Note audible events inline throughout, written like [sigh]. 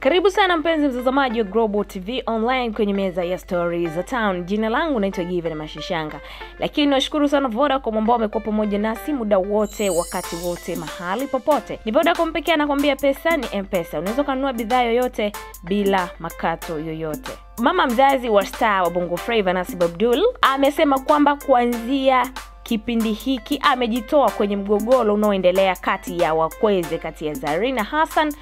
Karibu sana mpenzi mtazamaji wa Global TV Online kwenye meza ya Stories za Town. Jina langu naitwa Given Mashishanga. Lakini nashukuru sana Vodacom ambao wamekuwa pamoja nasi muda wote, wakati wote, mahali popote. Ni Vodacom pekee anakwambia pesa ni mpesa. Unaweza kununua bidhaa yoyote bila makato yoyote. Mama mzazi wa star wa Bongo Flava Nasib Abdul amesema kwamba kuanzia kipindi hiki amejitoa kwenye mgogoro unaoendelea kati ya wakweze kati ya Zarina Hassan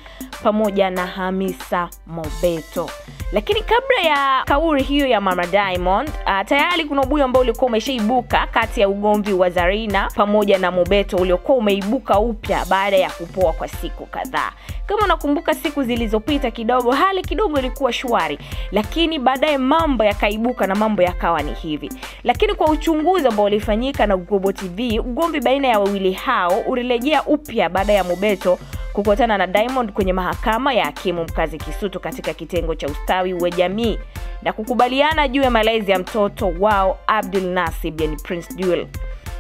pamoja na Hamisa Mobeto. Lakini kabla ya kauli hiyo ya Mama Diamond, uh, tayari kuna ubuyu ambao ulikuwa umeshaibuka kati ya ugomvi wa Zarina pamoja na Mobeto uliokuwa umeibuka upya baada ya kupoa kwa siku kadhaa. Kama unakumbuka siku zilizopita kidogo, hali kidogo ilikuwa shwari, lakini baadaye mambo yakaibuka na mambo yakawa ni hivi. Lakini kwa uchunguzi ambao ulifanyika na Global TV, ugomvi baina ya wawili hao ulirejea upya baada ya Mobeto kukutana na Diamond kwenye mahakama ya hakimu mkazi Kisutu katika kitengo cha ustawi wa jamii na kukubaliana juu ya malezi ya mtoto wao Abdul Nasib yani Prince Jewel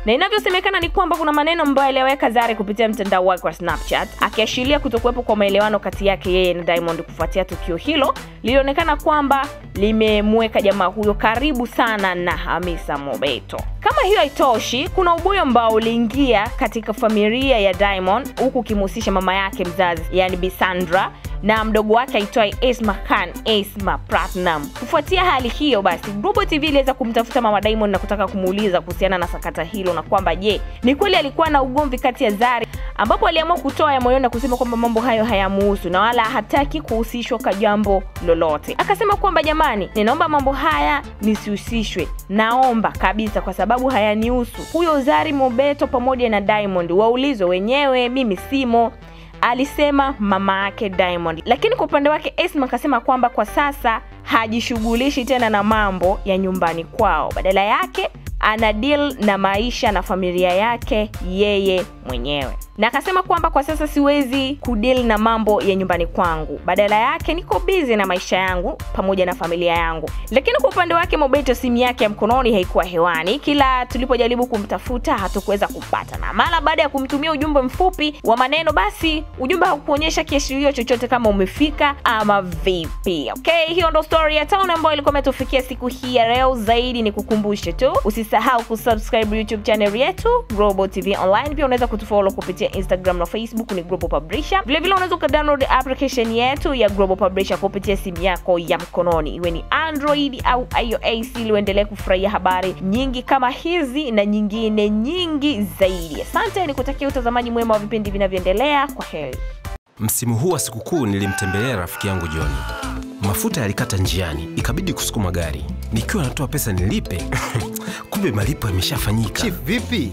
na inavyosemekana ni kwamba kuna maneno ambayo aliyaweka Zari kupitia mtandao wake wa Snapchat akiashiria kutokuwepo kwa maelewano kati yake yeye na Diamond kufuatia tukio hilo lilionekana kwamba limemweka jamaa huyo karibu sana na Hamisa Mobeto. Kama hiyo haitoshi, kuna ubuyo ambao uliingia katika familia ya Diamond huku ukimhusisha mama yake mzazi, yani Bisandra na mdogo wake aitwaye Esma Khan, Esma Platinum. Kufuatia hali hiyo basi, Global TV iliweza kumtafuta Mama Diamond na kutaka kumuuliza kuhusiana na sakata hilo na kwamba je, ni kweli alikuwa na ugomvi kati ya Zari, ambapo aliamua kutoa ya moyoni na kusema kwamba mambo hayo hayamuhusu na wala hataki kuhusishwa kwa jambo lolote. Akasema kwamba jamani, ninaomba mambo haya nisihusishwe, naomba kabisa, kwa sababu hayanihusu. Huyo Zari Mobeto pamoja na Diamond waulizwe wenyewe, mimi simo alisema mama yake Diamond. Lakini kwa upande wake Esma akasema kwamba kwa sasa hajishughulishi tena na mambo ya nyumbani kwao, badala yake ana deal na maisha na familia yake yeye mwenyewe, na akasema kwamba kwa sasa siwezi kudili na mambo ya nyumbani kwangu, badala yake niko bizi na maisha yangu pamoja na familia yangu. Lakini kwa upande wake Mobeto, simu yake ya mkononi haikuwa hewani, kila tulipojaribu kumtafuta hatukuweza kumpata, na mara baada ya kumtumia ujumbe mfupi wa maneno, basi ujumbe haukuonyesha kiashirio chochote kama umefika ama vipi. Okay, hiyo ndo story ya town ambayo ilikuwa imetufikia siku hii ya leo. Zaidi ni kukumbushe tu, usisahau kusubscribe YouTube channel yetu robo TV Online, pia unaweza kutufollow kupitia Instagram na Facebook ni Global Publisher. Vile vile unaweza ukadownload application yetu ya Global Publisher kupitia simu yako ya mkononi, iwe ni Android au iOS, ili uendelee kufurahia habari nyingi kama hizi na nyingine nyingi zaidi. Asante, nikutakia utazamaji mwema wa vipindi vinavyoendelea. Kwa heri. Msimu huu wa sikukuu nilimtembelea rafiki yangu John. Mafuta yalikata njiani, ikabidi kusukuma gari. Nikiwa natoa pesa nilipe, [laughs] kumbe malipo yameshafanyika. Chief, vipi?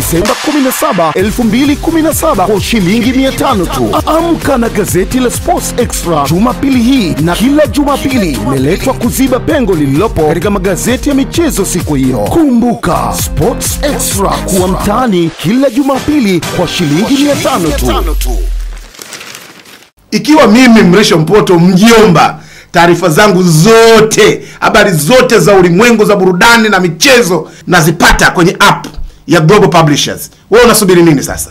Disemba 17, 2017 kwa shilingi 500 tu. Amka na gazeti la Sports Extra Jumapili hii na kila Jumapili, imeletwa kuziba pengo lililopo katika magazeti ya michezo siku hiyo. Kumbuka Sports Extra kuwa mtaani kila Jumapili kwa shilingi 500 tu. Ikiwa mimi Mrisho Mpoto mjiomba taarifa zangu zote, habari zote za ulimwengu, za burudani na michezo nazipata kwenye app ya Global Publishers. Wewe unasubiri nini sasa?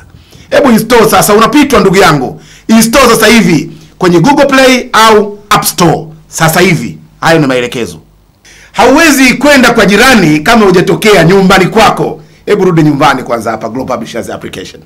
Hebu install sasa, unapitwa ndugu yangu. Install sasa hivi kwenye Google Play au App Store sasa hivi. Hayo ni maelekezo. Hauwezi kwenda kwa jirani kama hujatokea nyumbani kwako. Hebu rudi nyumbani kwanza hapa Global Publishers application.